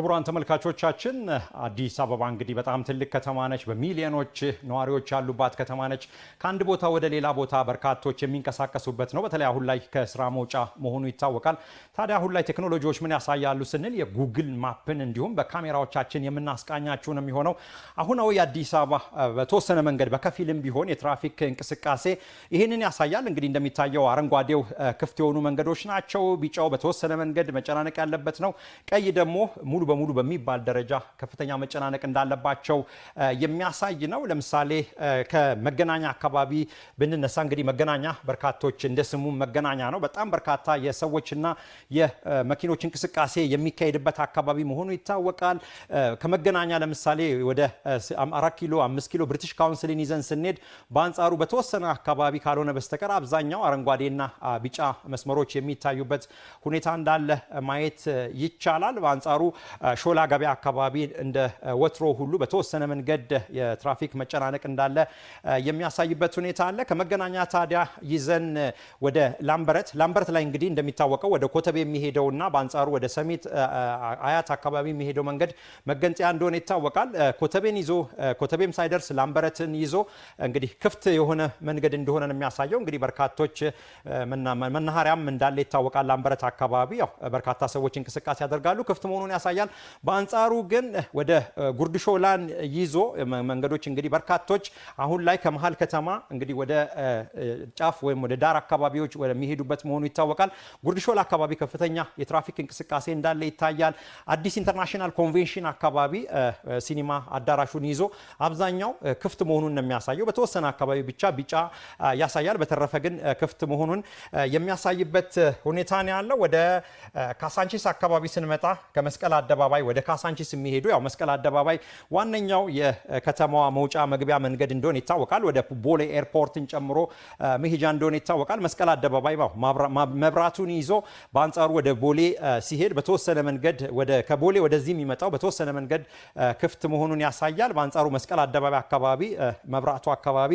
ክቡራን ተመልካቾቻችን አዲስ አበባ እንግዲህ በጣም ትልቅ ከተማ ነች። በሚሊዮኖች ነዋሪዎች ያሉባት ከተማ ነች። ከአንድ ቦታ ወደ ሌላ ቦታ በርካቶች የሚንቀሳቀሱበት ነው። በተለይ አሁን ላይ ከስራ መውጫ መሆኑ ይታወቃል። ታዲያ አሁን ላይ ቴክኖሎጂዎች ምን ያሳያሉ ስንል የጉግል ማፕን እንዲሁም በካሜራዎቻችን የምናስቃኛችሁ ነው የሚሆነው። አሁናዊ አዲስ አበባ በተወሰነ መንገድ በከፊልም ቢሆን የትራፊክ እንቅስቃሴ ይህንን ያሳያል። እንግዲህ እንደሚታየው አረንጓዴው ክፍት የሆኑ መንገዶች ናቸው። ቢጫው በተወሰነ መንገድ መጨናነቅ ያለበት ነው። ቀይ ደግሞ ሙሉ በሙሉ በሚባል ደረጃ ከፍተኛ መጨናነቅ እንዳለባቸው የሚያሳይ ነው። ለምሳሌ ከመገናኛ አካባቢ ብንነሳ እንግዲህ መገናኛ በርካቶች እንደ ስሙ መገናኛ ነው። በጣም በርካታ የሰዎችና የመኪኖች እንቅስቃሴ የሚካሄድበት አካባቢ መሆኑ ይታወቃል። ከመገናኛ ለምሳሌ ወደ አራት ኪሎ አምስት ኪሎ ብሪቲሽ ካውንስልን ይዘን ስንሄድ በአንጻሩ በተወሰነ አካባቢ ካልሆነ በስተቀር አብዛኛው አረንጓዴና ቢጫ መስመሮች የሚታዩበት ሁኔታ እንዳለ ማየት ይቻላል። በአንጻሩ ሾላ ገበያ አካባቢ እንደ ወትሮ ሁሉ በተወሰነ መንገድ የትራፊክ መጨናነቅ እንዳለ የሚያሳይበት ሁኔታ አለ። ከመገናኛ ታዲያ ይዘን ወደ ላምበረት ላምበረት ላይ እንግዲህ እንደሚታወቀው ወደ ኮተቤ የሚሄደውና በአንጻሩ ወደ ሰሚት አያት አካባቢ የሚሄደው መንገድ መገንጠያ እንደሆነ ይታወቃል። ኮተቤን ይዞ ኮተቤም ሳይደርስ ላምበረትን ይዞ እንግዲህ ክፍት የሆነ መንገድ እንደሆነ ነው የሚያሳየው። እንግዲህ በርካቶች መናኸሪያም እንዳለ ይታወቃል። ላምበረት አካባቢ ያው በርካታ ሰዎች እንቅስቃሴ ያደርጋሉ። ክፍት መሆኑን ያሳያል። ያሳያል። በአንጻሩ ግን ወደ ጉርድሾላን ይዞ መንገዶች እንግዲህ በርካቶች አሁን ላይ ከመሀል ከተማ እንግዲህ ወደ ጫፍ ወይም ወደ ዳር አካባቢዎች ወደሚሄዱበት መሆኑ ይታወቃል። ጉርድሾላ አካባቢ ከፍተኛ የትራፊክ እንቅስቃሴ እንዳለ ይታያል። አዲስ ኢንተርናሽናል ኮንቬንሽን አካባቢ ሲኒማ አዳራሹን ይዞ አብዛኛው ክፍት መሆኑን ነው የሚያሳየው። በተወሰነ አካባቢ ብቻ ቢጫ ያሳያል። በተረፈ ግን ክፍት መሆኑን የሚያሳይበት ሁኔታ ነው ያለው። ወደ ካሳንቺስ አካባቢ ስንመጣ ከመስቀል አደባባይ ወደ ካሳንቺስ የሚሄዱ ያው መስቀል አደባባይ ዋነኛው የከተማዋ መውጫ መግቢያ መንገድ እንደሆነ ይታወቃል። ወደ ቦሌ ኤርፖርትን ጨምሮ መሄጃ እንደሆነ ይታወቃል። መስቀል አደባባይ መብራቱን ይዞ በአንጻሩ ወደ ቦሌ ሲሄድ በተወሰነ መንገድ ከቦሌ ወደዚህ የሚመጣው በተወሰነ መንገድ ክፍት መሆኑን ያሳያል። በአንጻሩ መስቀል አደባባይ አካባቢ መብራቱ አካባቢ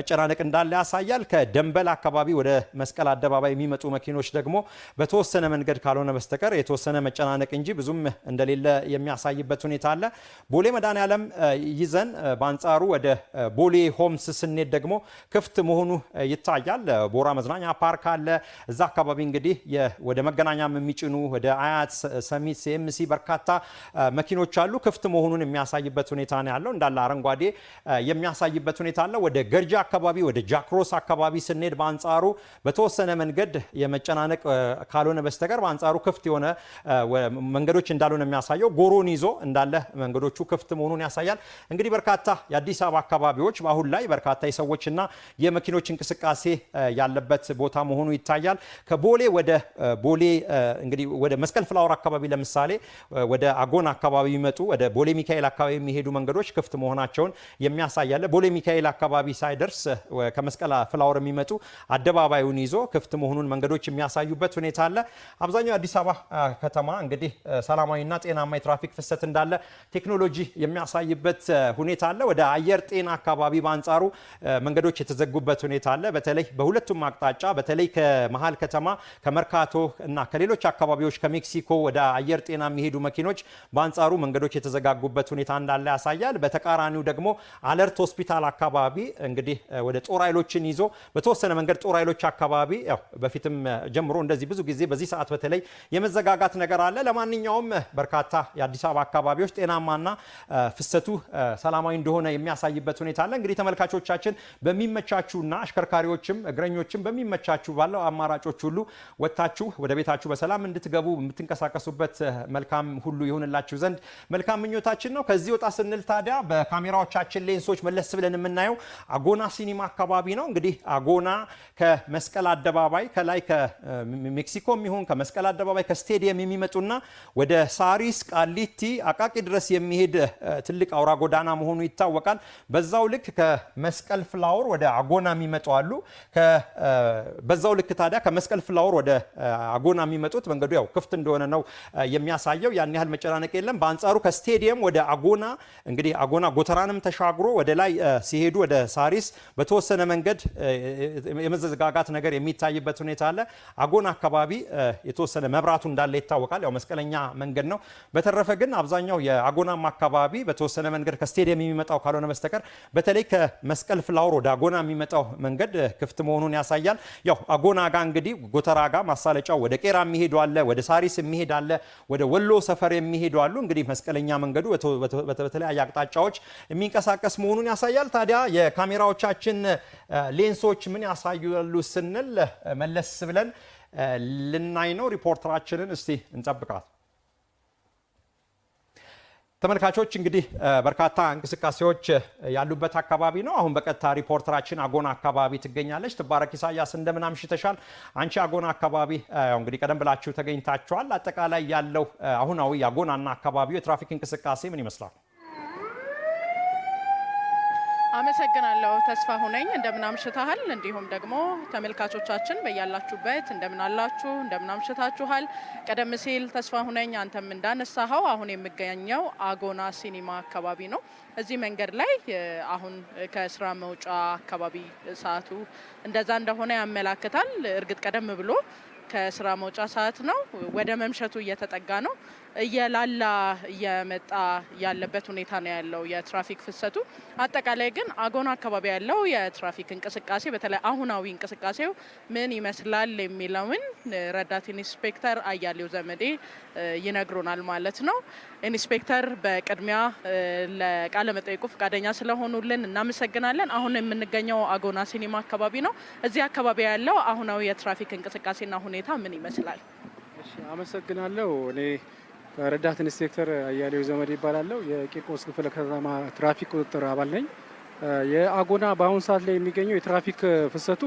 መጨናነቅ እንዳለ ያሳያል። ከደንበል አካባቢ ወደ መስቀል አደባባይ የሚመጡ መኪኖች ደግሞ በተወሰነ መንገድ ካልሆነ በስተቀር የተወሰነ መጨናነቅ እንጂ ብዙም እንደሌለ የሚያሳይበት ሁኔታ አለ። ቦሌ መድኃኔዓለም ይዘን በአንጻሩ ወደ ቦሌ ሆምስ ስንሄድ ደግሞ ክፍት መሆኑ ይታያል። ቦራ መዝናኛ ፓርክ አለ። እዛ አካባቢ እንግዲህ ወደ መገናኛም የሚጭኑ ወደ አያት፣ ሰሚት፣ ሲኤምሲ በርካታ መኪኖች አሉ። ክፍት መሆኑን የሚያሳይበት ሁኔታ ነው ያለው። እንዳለ አረንጓዴ የሚያሳይበት ሁኔታ አለ። ወደ ገርጂ አካባቢ ወደ ጃክሮስ አካባቢ ስንሄድ በአንጻሩ በተወሰነ መንገድ የመጨናነቅ ካልሆነ በስተቀር በአንጻሩ ክፍት የሆነ መንገዶች እንዳሉ መቻሉን የሚያሳየው ጎሮን ይዞ እንዳለ መንገዶቹ ክፍት መሆኑን ያሳያል። እንግዲህ በርካታ የአዲስ አበባ አካባቢዎች በአሁን ላይ በርካታ የሰዎችና የመኪኖች እንቅስቃሴ ያለበት ቦታ መሆኑ ይታያል። ከቦሌ ወደ ቦሌ እንግዲህ ወደ መስቀል ፍላወር አካባቢ ለምሳሌ ወደ አጎን አካባቢ ይመጡ ወደ ቦሌ ሚካኤል አካባቢ የሚሄዱ መንገዶች ክፍት መሆናቸውን የሚያሳያለ። ቦሌ ሚካኤል አካባቢ ሳይደርስ ከመስቀል ፍላወር የሚመጡ አደባባዩን ይዞ ክፍት መሆኑን መንገዶች የሚያሳዩበት ሁኔታ አለ። አብዛኛው የአዲስ አበባ ከተማ እንግዲህ ሰላማዊ ሰላማዊና ጤናማ የትራፊክ ፍሰት እንዳለ ቴክኖሎጂ የሚያሳይበት ሁኔታ አለ። ወደ አየር ጤና አካባቢ በአንጻሩ መንገዶች የተዘጉበት ሁኔታ አለ። በተለይ በሁለቱም አቅጣጫ በተለይ ከመሀል ከተማ ከመርካቶ እና ከሌሎች አካባቢዎች ከሜክሲኮ ወደ አየር ጤና የሚሄዱ መኪኖች በአንጻሩ መንገዶች የተዘጋጉበት ሁኔታ እንዳለ ያሳያል። በተቃራኒው ደግሞ አለርት ሆስፒታል አካባቢ እንግዲህ ወደ ጦር ኃይሎችን ይዞ በተወሰነ መንገድ ጦር ኃይሎች አካባቢ በፊትም ጀምሮ እንደዚህ ብዙ ጊዜ በዚህ ሰዓት በተለይ የመዘጋጋት ነገር አለ። ለማንኛውም በርካታ የአዲስ አበባ አካባቢዎች ጤናማና ፍሰቱ ሰላማዊ እንደሆነ የሚያሳይበት ሁኔታ አለ። እንግዲህ ተመልካቾቻችን በሚመቻችሁና አሽከርካሪዎችም እግረኞችም በሚመቻችሁ ባለው አማራጮች ሁሉ ወጥታችሁ ወደ ቤታችሁ በሰላም እንድትገቡ የምትንቀሳቀሱበት መልካም ሁሉ ይሁንላችሁ ዘንድ መልካም ምኞታችን ነው። ከዚህ ወጣ ስንል ታዲያ በካሜራዎቻችን ሌንሶች መለስ ብለን የምናየው አጎና ሲኒማ አካባቢ ነው። እንግዲህ አጎና ከመስቀል አደባባይ ከላይ ከሜክሲኮ የሚሆን ከመስቀል አደባባይ ከስቴዲየም የሚመጡና ወደ ሳሪስ ቃሊቲ አቃቂ ድረስ የሚሄድ ትልቅ አውራ ጎዳና መሆኑ ይታወቃል። በዛው ልክ ከመስቀል ፍላወር ወደ አጎና የሚመጡ አሉ። በዛው ልክ ታዲያ ከመስቀል ፍላወር ወደ አጎና የሚመጡት መንገዱ ያው ክፍት እንደሆነ ነው የሚያሳየው። ያን ያህል መጨናነቅ የለም። በአንጻሩ ከስቴዲየም ወደ አጎና እንግዲህ አጎና ጎተራንም ተሻግሮ ወደ ላይ ሲሄዱ ወደ ሳሪስ በተወሰነ መንገድ የመዘጋጋት ነገር የሚታይበት ሁኔታ አለ። አጎና አካባቢ የተወሰነ መብራቱ እንዳለ ይታወቃል። ያው መስቀለኛ መንገድ ነው። በተረፈ ግን አብዛኛው የአጎናም አካባቢ በተወሰነ መንገድ ከስቴዲየም የሚመጣው ካልሆነ በስተቀር በተለይ ከመስቀል ፍላውሮ ወደ አጎና የሚመጣው መንገድ ክፍት መሆኑን ያሳያል። ያው አጎና ጋ እንግዲህ ጎተራ ጋ ማሳለጫው ወደ ቄራ የሚሄዱ አለ፣ ወደ ሳሪስ የሚሄድ አለ፣ ወደ ወሎ ሰፈር የሚሄዱ አሉ። እንግዲህ መስቀለኛ መንገዱ በተለያየ አቅጣጫዎች የሚንቀሳቀስ መሆኑን ያሳያል። ታዲያ የካሜራዎቻችን ሌንሶች ምን ያሳያሉ ስንል መለስ ብለን ልናይ ነው። ሪፖርተራችንን እስቲ እንጠብቃት። ተመልካቾች እንግዲህ በርካታ እንቅስቃሴዎች ያሉበት አካባቢ ነው። አሁን በቀጥታ ሪፖርተራችን አጎና አካባቢ ትገኛለች። ትባረክ ኢሳያስ እንደምን አምሽተሻል? አንቺ አጎና አካባቢ እንግዲህ ቀደም ብላችሁ ተገኝታችኋል። አጠቃላይ ያለው አሁናዊ የአጎናና አካባቢው የትራፊክ እንቅስቃሴ ምን ይመስላል? አመሰግናለሁ ተስፋ ሁነኝ። እንደምን አምሽታሃል? እንዲሁም ደግሞ ተመልካቾቻችን በያላችሁበት እንደምን አላችሁ? እንደምን አምሽታችኋል? ቀደም ሲል ተስፋ ሁነኝ አንተም እንዳነሳኸው አሁን የምገኘው አጎና ሲኒማ አካባቢ ነው። እዚህ መንገድ ላይ አሁን ከስራ መውጫ አካባቢ ሰዓቱ እንደዛ እንደሆነ ያመላክታል። እርግጥ ቀደም ብሎ ከስራ መውጫ ሰዓት ነው። ወደ መምሸቱ እየተጠጋ ነው። እየላላ እየመጣ ያለበት ሁኔታ ነው ያለው የትራፊክ ፍሰቱ። አጠቃላይ ግን አጎና አካባቢ ያለው የትራፊክ እንቅስቃሴ በተለይ አሁናዊ እንቅስቃሴው ምን ይመስላል የሚለውን ረዳት ኢንስፔክተር አያሌው ዘመዴ ይነግሩናል ማለት ነው። ኢንስፔክተር በቅድሚያ ለቃለ መጠይቁ ፈቃደኛ ስለሆኑልን እናመሰግናለን። አሁን የምንገኘው አጎና ሲኒማ አካባቢ ነው። እዚህ አካባቢ ያለው አሁናዊ የትራፊክ እንቅስቃሴና ሁኔታ ምን ይመስላል? አመሰግናለሁ እኔ ረዳት ኢንስፔክተር አያሌው ዘመድ ይባላለሁ። የቂርቆስ ክፍለ ከተማ ትራፊክ ቁጥጥር አባል ነኝ። የአጎና በአሁኑ ሰዓት ላይ የሚገኘው የትራፊክ ፍሰቱ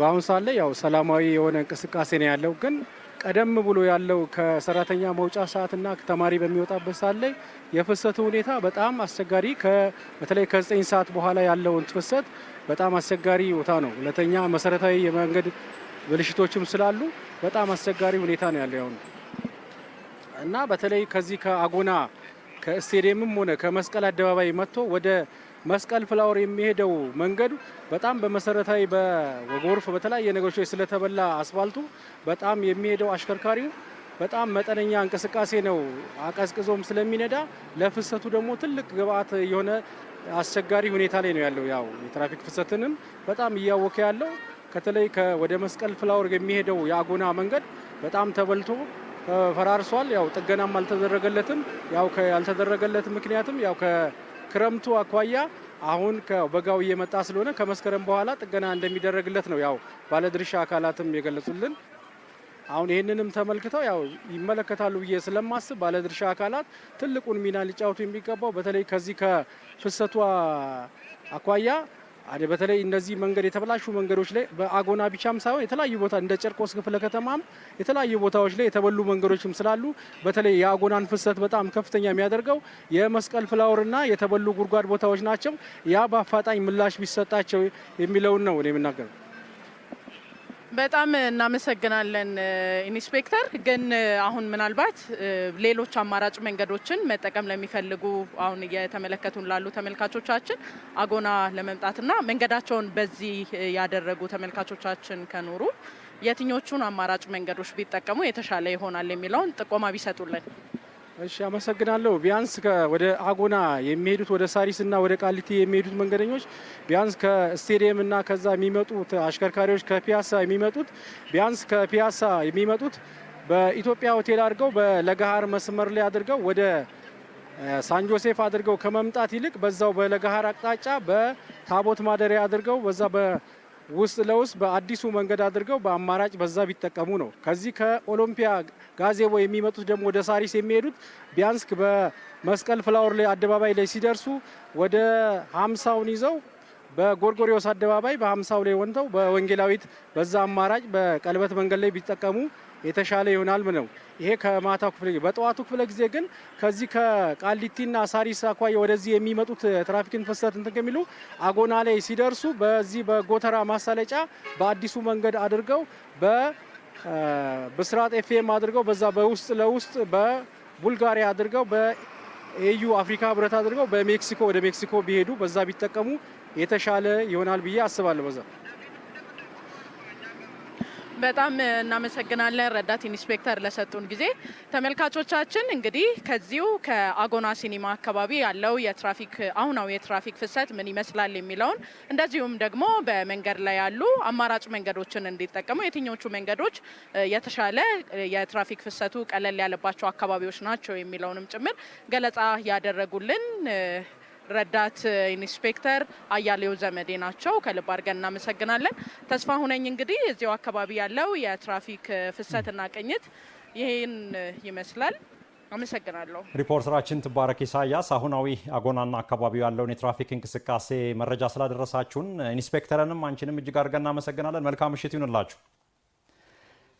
በአሁኑ ሰዓት ላይ ያው ሰላማዊ የሆነ እንቅስቃሴ ነው ያለው። ግን ቀደም ብሎ ያለው ከሰራተኛ መውጫ ሰዓትና ተማሪ በሚወጣበት ሰዓት ላይ የፍሰቱ ሁኔታ በጣም አስቸጋሪ፣ በተለይ ከዘጠኝ ሰዓት በኋላ ያለውን ፍሰት በጣም አስቸጋሪ ቦታ ነው። ሁለተኛ መሰረታዊ የመንገድ ብልሽቶችም ስላሉ በጣም አስቸጋሪ ሁኔታ ነው ያለው ያሁኑ እና በተለይ ከዚህ ከአጎና ከስቴዲየምም ሆነ ከመስቀል አደባባይ መጥቶ ወደ መስቀል ፍላወር የሚሄደው መንገድ በጣም በመሰረታዊ በጎርፍ በተለያየ ነገሮች ስለተበላ አስፋልቱ በጣም የሚሄደው አሽከርካሪው በጣም መጠነኛ እንቅስቃሴ ነው። አቀዝቅዞም ስለሚነዳ ለፍሰቱ ደግሞ ትልቅ ግብአት የሆነ አስቸጋሪ ሁኔታ ላይ ነው ያለው። ያው የትራፊክ ፍሰትንም በጣም እያወከ ያለው ከተለይ ወደ መስቀል ፍላወር የሚሄደው የአጎና መንገድ በጣም ተበልቶ ፈራርሷል። ያው ጥገናም አልተደረገለትም። ያው ያልተደረገለት ምክንያትም ያው ከክረምቱ አኳያ አሁን በጋው እየመጣ ስለሆነ ከመስከረም በኋላ ጥገና እንደሚደረግለት ነው ያው ባለድርሻ አካላትም የገለጹልን። አሁን ይህንንም ተመልክተው ያው ይመለከታሉ ብዬ ስለማስብ ባለድርሻ አካላት ትልቁን ሚና ሊጫወቱ የሚገባው በተለይ ከዚህ ከፍሰቷ አኳያ በተለይ እነዚህ መንገድ የተበላሹ መንገዶች ላይ በአጎና ብቻም ሳይሆን የተለያዩ ቦታ እንደ ጨርቆስ ክፍለ ከተማም የተለያዩ ቦታዎች ላይ የተበሉ መንገዶችም ስላሉ በተለይ የአጎናን ፍሰት በጣም ከፍተኛ የሚያደርገው የመስቀል ፍላወርና የተበሉ ጉድጓድ ቦታዎች ናቸው። ያ በአፋጣኝ ምላሽ ቢሰጣቸው የሚለውን ነው እኔ የምናገረው። በጣም እናመሰግናለን ኢንስፔክተር። ግን አሁን ምናልባት ሌሎች አማራጭ መንገዶችን መጠቀም ለሚፈልጉ አሁን እየተመለከቱን ላሉ ተመልካቾቻችን አጎና ለመምጣትና መንገዳቸውን በዚህ ያደረጉ ተመልካቾቻችን ከኖሩ የትኞቹን አማራጭ መንገዶች ቢጠቀሙ የተሻለ ይሆናል የሚለውን ጥቆማ ቢሰጡልን። እሺ አመሰግናለሁ። ቢያንስ ወደ አጎና የሚሄዱት ወደ ሳሪስ እና ወደ ቃሊቲ የሚሄዱት መንገደኞች ቢያንስ ከስቴዲየም እና ከዛ የሚመጡት አሽከርካሪዎች ከፒያሳ የሚመጡት ቢያንስ ከፒያሳ የሚመጡት በኢትዮጵያ ሆቴል አድርገው በለገሃር መስመር ላይ አድርገው ወደ ሳንጆሴፍ አድርገው ከመምጣት ይልቅ በዛው በለገሃር አቅጣጫ በታቦት ማደሪያ አድርገው በዛ ውስጥ ለውስጥ በአዲሱ መንገድ አድርገው በአማራጭ በዛ ቢጠቀሙ ነው። ከዚህ ከኦሎምፒያ ጋዜቦ የሚመጡት ደግሞ ወደ ሳሪስ የሚሄዱት ቢያንስ በመስቀል ፍላወር ላይ አደባባይ ላይ ሲደርሱ ወደ ሀምሳውን ይዘው በጎርጎሪዎስ አደባባይ በሀምሳው ላይ ወንተው በወንጌላዊት በዛ አማራጭ በቀለበት መንገድ ላይ ቢጠቀሙ የተሻለ ይሆናል ነው። ይሄ ከማታ ክፍለ ጊዜ። በጠዋቱ ክፍለ ጊዜ ግን ከዚህ ከቃሊቲና ሳሪስ አኳያ ወደዚህ የሚመጡት ትራፊክን ፍሰት እንትን ከሚሉ አጎና ላይ ሲደርሱ በዚህ በጎተራ ማሳለጫ በአዲሱ መንገድ አድርገው በብስራት ኤፍኤም አድርገው በዛ በውስጥ ለውስጥ በቡልጋሪያ አድርገው በኤዩ አፍሪካ ህብረት አድርገው በሜክሲኮ ወደ ሜክሲኮ ቢሄዱ በዛ ቢጠቀሙ የተሻለ ይሆናል ብዬ አስባለሁ። በዛ በጣም እናመሰግናለን ረዳት ኢንስፔክተር ለሰጡን ጊዜ። ተመልካቾቻችን እንግዲህ ከዚሁ ከአጎና ሲኒማ አካባቢ ያለው የትራፊክ አሁናዊ የትራፊክ ፍሰት ምን ይመስላል የሚለውን እንደዚሁም ደግሞ በመንገድ ላይ ያሉ አማራጭ መንገዶችን እንዲጠቀሙ የትኞቹ መንገዶች የተሻለ የትራፊክ ፍሰቱ ቀለል ያለባቸው አካባቢዎች ናቸው የሚለውንም ጭምር ገለጻ ያደረጉልን ረዳት ኢንስፔክተር አያሌው ዘመዴ ናቸው። ከልብ አድርገን እናመሰግናለን። ተስፋ ሁነኝ እንግዲህ እዚው አካባቢ ያለው የትራፊክ ፍሰትና ቅኝት ይህን ይመስላል። አመሰግናለሁ። ሪፖርተራችን ትባረክ ኢሳያስ አሁናዊ አጎናና አካባቢው ያለውን የትራፊክ እንቅስቃሴ መረጃ ስላደረሳችሁን ኢንስፔክተርንም አንቺንም እጅግ አድርገን እናመሰግናለን። መልካም ምሽት ይሁንላችሁ።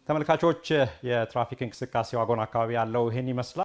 ተመልካቾች የትራፊክ እንቅስቃሴው አጎና አካባቢ ያለው ይህን ይመስላል።